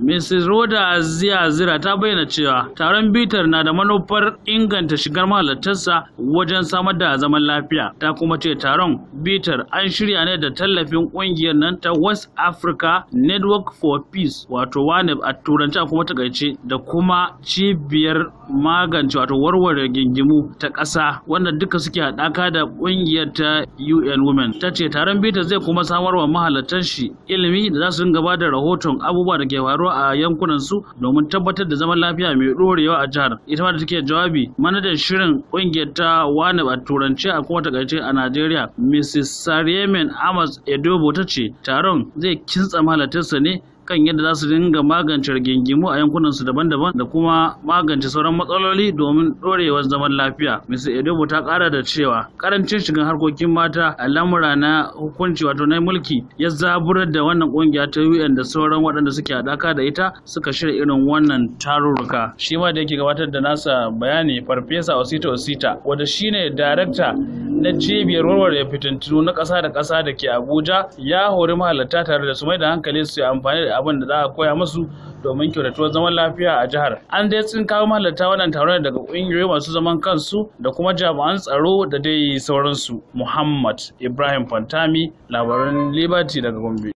Mrs. Rhoda zira ta bayyana cewa taron bitar na da manufar inganta shigar mahalartarsa wajen samar da zaman lafiya. Ta kuma ce taron bitar an shirya ne da tallafin ƙungiyar nan ta West Africa Network for Peace wato WANEP a turanci a kuma takaice da kuma cibiyar magance wato warware gingimu ta ƙasa wanda duka suke haɗaka da ƙungiyar ta UN Women. Ta ce taron bitar zai kuma samarwa wa shi ilimi da za su gaba da rahoton abubuwa da ke faru faruwa a yankunan su domin tabbatar da zaman lafiya mai ɗorewa a jihar ita ma da take jawabi manajan shirin ƙungiyar ta wani a turance a kuma takaice a najeriya mrs sariemen amos edobo ta ce taron zai kintsa mahalartarsa ne kan yadda za su dinga magance rigingimu a yankunansu daban-daban da kuma magance sauran matsaloli domin ɗorewar zaman lafiya. Ms. edobo ta ƙara da cewa ƙarancin shigan harkokin mata a lamura na hukunci wato na mulki ya zaburar da wannan ƙungiya ta UN da sauran waɗanda suke haɗaka da ita suka shirya irin wannan tarurruka. Shi ma da yake gabatar da nasa bayani Farfesa Osita Osita wanda shine darakta na cibiyar warware fitintunu na ƙasa da ƙasa da ke Abuja ya hori mahalarta tare da su mai da hankali su yi amfani da abin da za a koya musu domin kyautatuwar zaman lafiya a jihar. An dai tsin kawo mahalarta wannan taron daga ƙungiyoyi masu zaman kansu da kuma jami'an tsaro da dai sauransu. Muhammad Ibrahim Fantami, labaran Liberty daga Gombe.